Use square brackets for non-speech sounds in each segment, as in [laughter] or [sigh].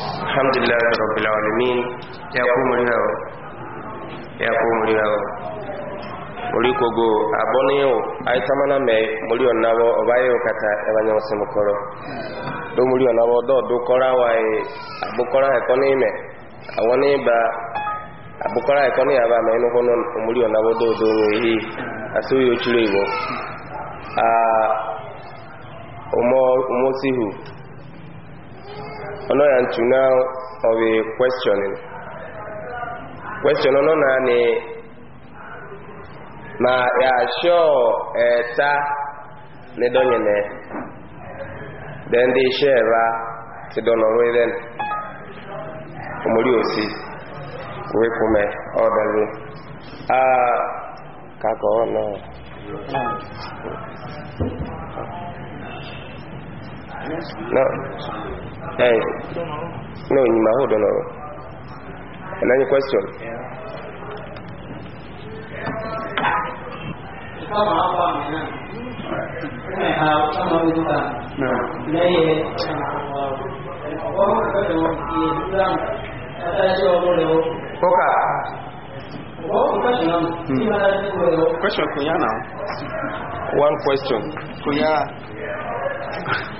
alhamdulillah rabbil alamin ya ko ha ya ko muri ha muri kogo aboni o aitama na me muri onabo obayo kata ebanyo simukoro do muri onabo do do wa e, abukora awoni e ba abukora e aba do yi and to of a questioning question ọ̀nà náà eh, ma yàṣọ ẹ̀ta eh, ní dọ́nyẹ̀nẹ̀ ndị the iṣẹ́ ẹ̀ra ti dọ̀nà orí then omori òsì kúrẹ́ kúmẹ́ ọ̀dọ̀lẹ́ No. eh no nyima hold on any question Koka. Hmm. Question kunya now. One question. Kunya. [laughs]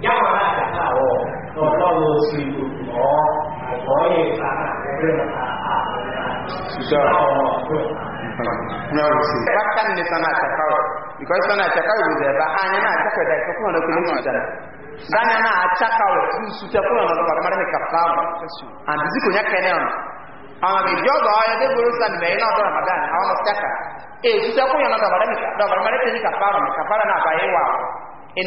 Jawa lah tak tahu. Kalau lu seribu mau, boleh sangat Susah. Nah, terapkan di sana cakau. Because sana cakau itu dah hanya nak cakau dah cakau nak kena susah. Sana nak cakau susah pun nak buat mana kapal. Anda sih punya kenyang. Ama bi jodo ya E susah pun yang nak buat wa. Ini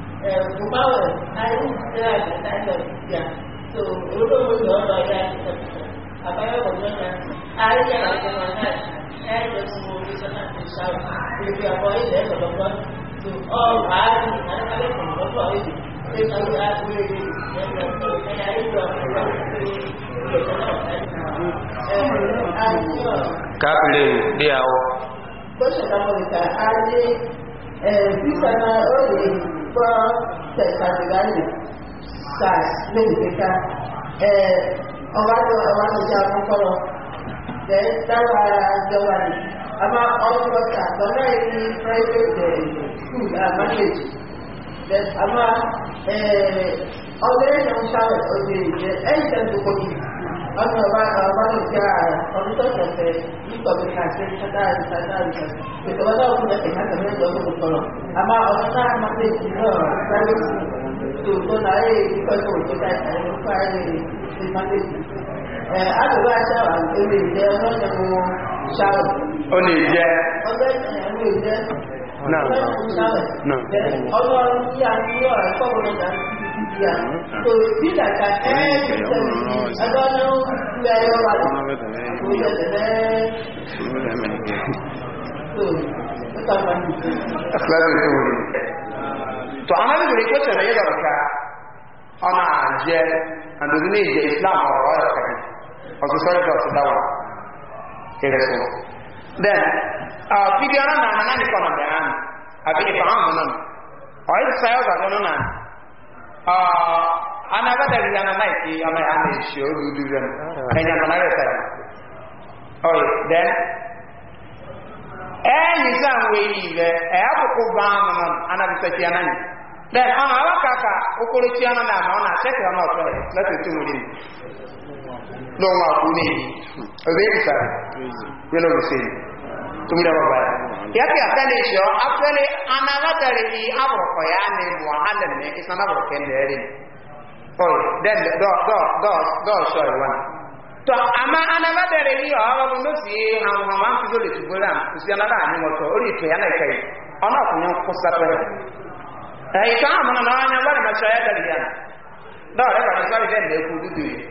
Kumawa, I didn't have the time of India. So, you don't know about that. Abaya was not that. I didn't have that. I just moved on and shout. If you are going there, the Lord, to all eyes, and I don't know what it is. They come perspektifnya sas lebih kita eh orang orang jalan kalau dan tawa jalan ama orang kota karena ini private dari school manage dan ama eh orang yang salah orang yang entah tu kau wannan ranar gyara wani sauƙin sai yi ƙwabin a wani sa'a ma zai ji yawa sai su to na yi kwallo ko ta yi a yi kwaya ne sai ma zai ji aka ba ta wa Yeah. So see that I am oh, I don't know where you are. So that's So a a car. On and the Islam or all that Then, uh, Pidiana Nana Nana Nana Nana Nana Nana Nana ana ga dari mai ki ya mai ana shi o du du ran kan yana mai ta oh then eh ni san we yi eh abu na ana bi ta ki ana ni then ka ka ti ana na ma na check le let it to tumira ya. yake atale sho atale ya ne wa halene isana abroko ndere oy den do do do do so one to ama anagatare i oro no si han han wan fi dole ti bolam si anada mo to ori to ya na kai ona ko nyon ko sapo e ka amana na anya bare ma ya dali ya do re ba de ku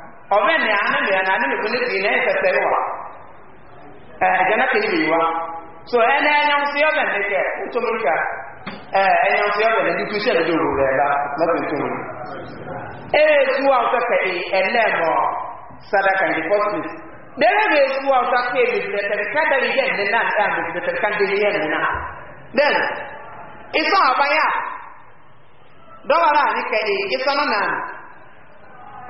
ọbẹ ní àná ní àná ní na ní kì í ní ẹsẹsẹ wa ẹ ẹjẹnà kì so ẹ ní ẹnyẹn sí ọbẹ ní kẹ ntòmí kà ẹ ẹnyẹn sí ọbẹ ní dìkú iṣẹ lóde òwúrọ na bá lọsẹ ntòmí ẹ ẹ tu wa ọsẹ kẹ ẹ ẹ lẹ mọ sadaka ní pọtulì bẹẹ bẹ tu wa ọsẹ kẹ ẹ ka tẹ tẹ ká dẹ yẹ ní nà ya bẹ tẹ tẹ ká dẹ yẹ then ọ.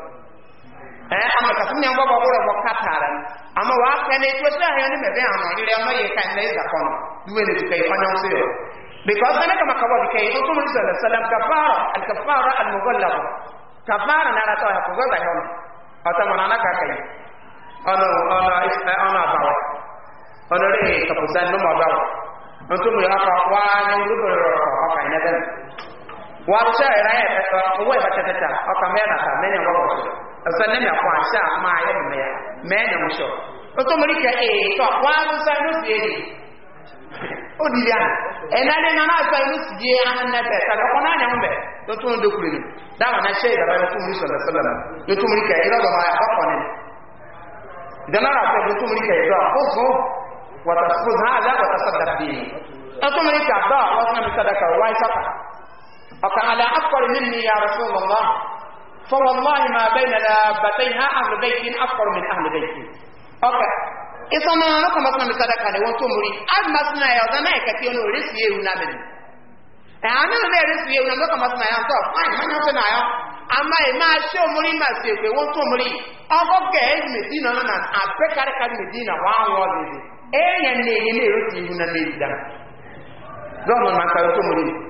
ama ka sunya katara wa ka ne to sa hayo me be ye ka ne za kono duwe ne tukai fanya because kana kama kawa to sallallahu alaihi wasallam kafara al kafara al kafara na rato ya ko ga ata na ka kai ono ono isa re ka pusan no to mu ya ka wa ne wacha era ya tata owe bacha tata oka me na ta menya wa ko asa ne me kwa cha ma ya me ya me ne musho oto muri ka e eh, to kwa mu sa no sie ni o di ya ena e ne na na sa sie na ta ko na ne mbe to to ndo kuri ni da wa na she da ba ko mu sallallahu alaihi wasallam to muri ka ira ba ma ya ko ne idan ara ko to muri ka ira ko ko wa tasfuz hada wa tasaddaq bi to muri ka da wa na mi sadaka wa ọka ae ya aị a w a a nare wu na nda kms na ya n a ya amaghị a ai omri masi ekwe nwentụ omri ọgọga eji ina a akarị a eina ba wụ eye n eye na-ere wu na a o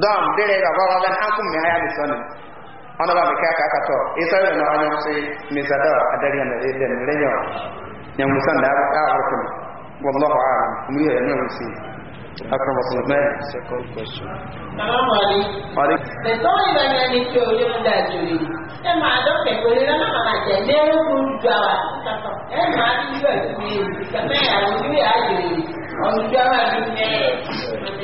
dɔn dere la an kun mi haya bi sɔni ba mi k'a tɔ isa misa dɔ a dari a y'a second question. mama mɛ tɔn yi n'a jɛ ne yɛrɛ a wa ɛ maa ti ju ye kɛmɛ yɛrɛ o ju y'a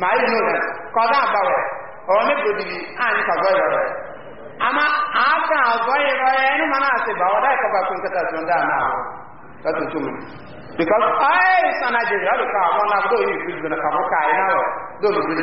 ma anyị nụ ya ka ọ anyị ka gọọ ịrọ ama aka agọ ịrọ ya asị ba ọ daghị ka bakwe nkata ndị a na-ahụ because ayé sàn nàìjíríà ọdún kan àwọn náà lóyún ka gbẹ̀nà kàfọ́ ká ẹ̀ náà lóyún ìfúri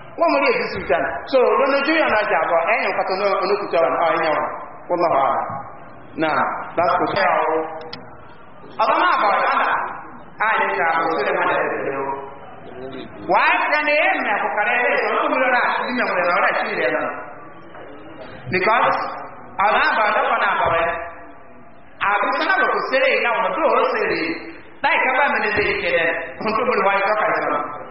wọ́n mú rí èdè so lónìí yàn náà jàbọ̀ ẹ̀yìn pàtó náà onókùtà wọn àwọn ẹ̀yìn wọn wọ́n lọ́wọ́ àná náà láti kò sọ́ra ọ̀rọ̀ ọba máa bọ̀ ọ̀dà àyè ká kò sí lè má lè lè lò wàá tẹ̀lé ẹ̀mí àkọkàrẹ́ ẹ̀ ọ̀rọ̀ mi mi sí náà because àbọ̀ kan náà bọ̀ náà náà tó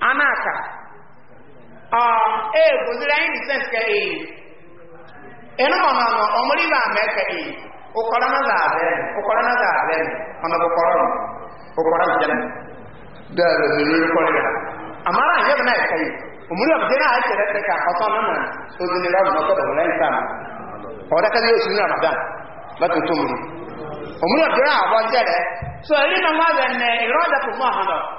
anaka ee goziri anyị risent ka ee ịnụ ọnụ ọnụ ọmụrụ ibe ama ka ee ụkọrọ na za abịa ụkọrọ na za abịa ọnụ ụkọrọ ụkọrọ na jem dara zuru ụkọrọ ya amara anyị ebe na-eka yi e. omuri ọbụdị na anyị chere ka ọtọ na mma ozili ra ọnụ ọtọ dọbụla anyị taa ọ dakazi osu na ramadan lati mụrụ mu omuri ọbụdị na agba jere so ẹni na mmadụ ne ịrọ dapụ mụ ahụ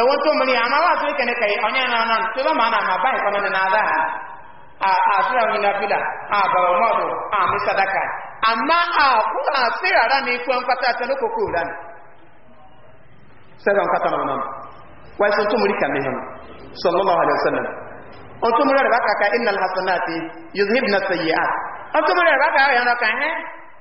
ẹ̀wọ́n tó mìíràn àmà wà sí kẹ̀kẹ́ kẹ̀yẹ ọ̀nyẹ́ náà náà tó bá na nà máa báyìí kọ́mọ́ nínú adá àṣírí àwọn iná fìlà àbàwọ̀ mọ́ọ̀dù àmì sadaka àmà àkú àṣírí àrá mi kú ẹnkátá tẹnu kókó rán sẹ́gbà nkátá náà náà wáyé sọ tó mìíràn kàmí hàn sọlọ́lọ́ àlẹ́ sẹ́lẹ̀ ọ̀n tó mìíràn rẹ̀ bá kàkà ìnà hasanati yóò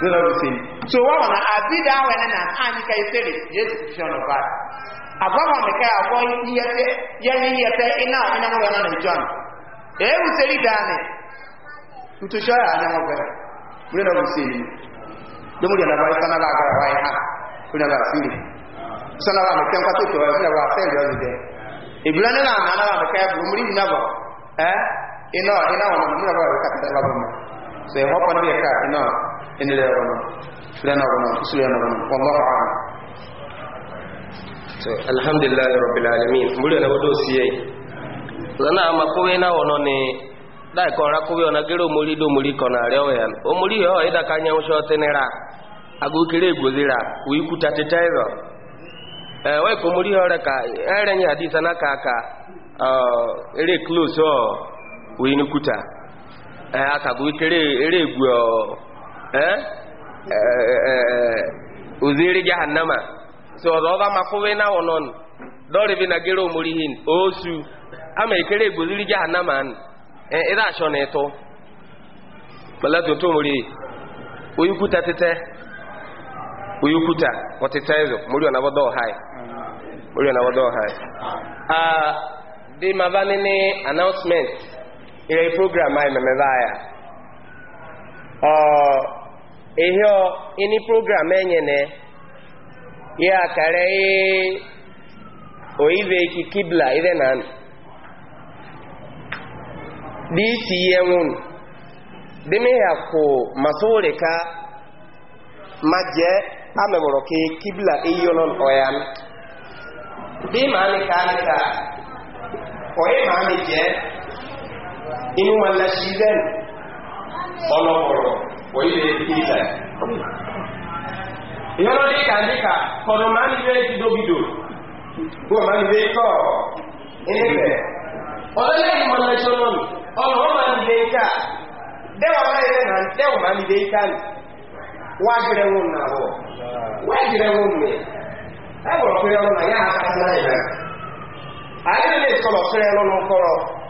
zero sin so wa wana abida awe na anyi ka isere yesu kisho no ba agwagwa meka agwo yete yani yete ina ina mo na njon e useri dane ntusho ya anya mo na useri do muri na bai sana ba gara wa ya kuna ba siri sana ba meka kwa to wa na wa na na na ba meka bu na ba eh na ba ka ta so e hokkono ino innirego noon firenogo noon suwenogo noon wallahu alam so alhamdulillahi rabbil alamin na wo dow zana ama kowenawo noone ɗay konra kowe ona gero mori ɗo mori konare oyan o mori he ka agokere egozira wikutatitairo ka sana ka close akagụitere ere ọ uziri jahannama so ọzọ ọba makwụwe na wọnọn dọrịbi na gero omorihin osu ama ekere egwu uziri jahannama an ịra achọ na ịtụ malatu to mori oyukuta tete oyukuta ọtịta ezo mori ọna bọdọ ọhai mori ọna bọdọ ọhai ah, ah dị mabani ni announcement ire program anyị memebe ya. ọ ihe ini program enyene ya kare oyibe ki kibla ive na Dị isi ihe nwun dimi ya ko masu ka ma je amemoro ki e kibla iyo non oyan Dị ma ni ka ni ka oye ma ni je inú ma lẹ́sí lẹ́nu ọlọ́pọ̀rọ̀ wọ́yí lè fi ilẹ̀ ìyọ́nà díkà díkà kọ̀dọ̀ máa ní ilé ti dóbidò bó máa ní ilé tọ̀ ilẹ̀ ọlọ́lẹ́ ìmọ̀ lẹ́sí ọlọ́nu ọlọ́wọ́ máa ní ilé ká dẹ́wà máa ilé náà dẹ́wà máa ní ilé ká ni wájúrẹ́ wọn náà wọ̀ wájúrẹ́ wọn mi ẹgbọ̀rọ̀ pé sí náà lọ́nà kọ́rọ̀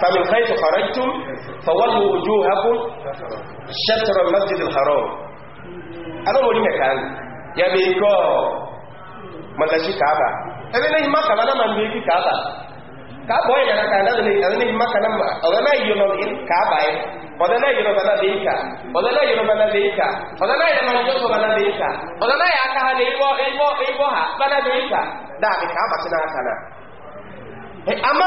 فمن حيث خرجتم فولوا وجوهكم شطر المسجد الحرام أنا مولي مكان يا بيكو ملاشي كعبة أنا نهي مكة أنا من بيكي كعبة كعبة أنا كان أنا نهي مكة أنا أنا يونو كعبة ọ̀dọ́lá ìyọ̀nà bàbá lè kà ọ̀dọ́lá ìyọ̀nà bàbá lè kà ọ̀dọ́lá ìyọ̀nà ìjọ́sọ̀ bàbá ha lè gbọ́ ẹgbọ́ ha bàbá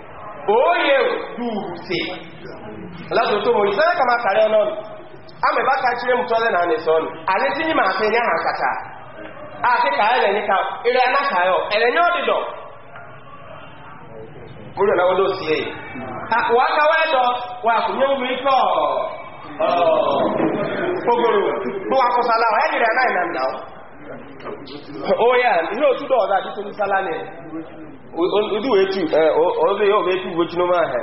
oye dùrù sí alájòótó mọ̀ ìsẹ́lẹ̀ kama kàrí ọ̀nà àmẹ́bá kàchírẹ́ mú tọ́lẹ̀ náà nìsọ́nù àrítí ní màá fẹ́ ní àhà kàtà àti kàárẹ̀ ní ká eré anákàáyọ̀ ẹ̀rẹ̀nyọ́ dìdọ̀ múlò náà wọ́dọ̀ sí èyí wà káwẹ́ẹ̀dọ̀ wà kò ní omi ọ ogoro bó wà kó sálá ẹ̀ nìrẹ̀ náà ìnàndà ó yà ní òtútọ̀ ọ̀dà àti tó ní sálá ní ndị wee tu ọzọ ya ọbụ etu ugochi n'ụmụ ahụ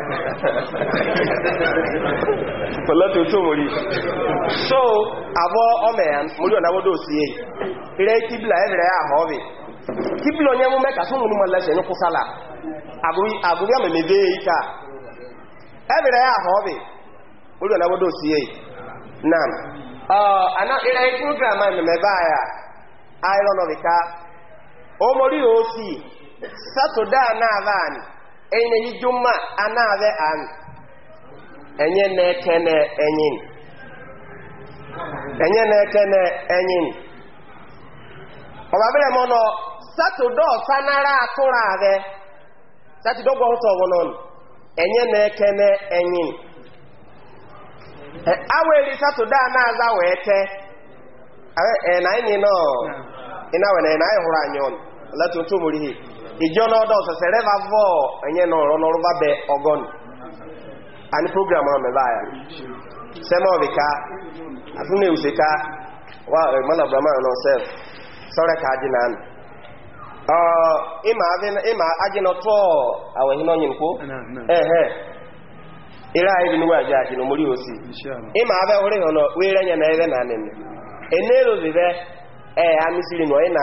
pọlọtụ otu omori so abụọ ọmụ ya mori ọ na-awodo osie ree kibla ebere ya aha ọbị kibla onye emume kasị ụmụ nnụmụ lesi enye kwụsala agụrụ ya memebe ya ike a ebere ya ahụ ọbị mori ọ na-awodo osie na ana ire program a memebe ya iron of ka o mori osi satọde anaghị anyị enyi juma anaghị anyị enye na-ekene enyi enye na-ekene enyi ọbabere m nọ satọde ọsanara atụrụ ahụ Saturday ọgwụ ọhụtọ ọgwụ nọ enye na-ekene enyi e, awere satọde anaghị wee tee e, na anyị nọ ị na-awere na anyị hụrụ anyị ọnụ ala tuntun mụrụ ihe ijọ n'ọdọ ọsọsọ reva enye n'ọrọ n'ọrụ vabe ọgọn ani program ahụ mebe aya ka asụ na ewuse ka wa mana brahman nọ sef sọrọ ka adị na anụ ịma adị ehe bi n'omori na ebe na anị ee amisiri na na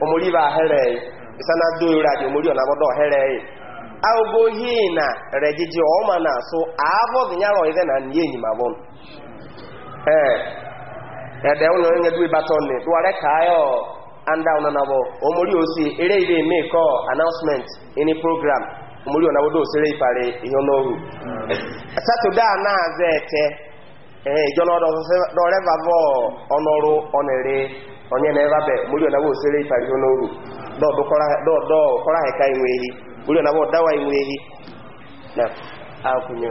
omori ba ahere isana do ira di omori ona bodo ahere aogo hi na rejiji o na so avo nyaro ide na ni enyi ma bon eh ede uno nye du ibaton ni do are ka yo anda ona na bo omori osi ere ire make announcement any program omori ona bodo sere ipare iyo no ru hmm. saturday na azete eh ijo no do re vavo onoru onere onye na-ebe abe mụlio na wosere ịtari ihe n'oru dọdọ kọrọ ahịka inwe ehi mụlio na dawa inwe ehi na akwụnye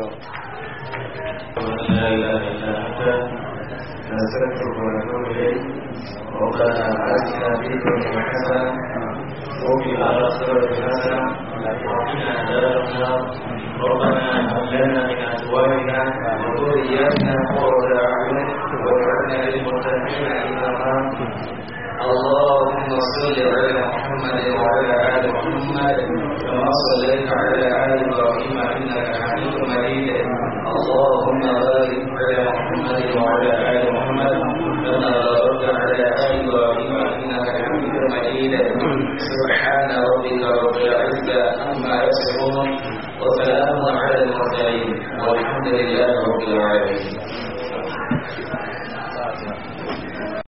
ربنا آتنا في الدنيا ربنا هب لنا من أزواجنا وذرياتنا قرة وجعلنا للمتقين إماما اللهم صل على محمد وعلى آل محمد كما صليت على آل إبراهيم إنك حميد مجيد اللهم بارك على محمد وعلى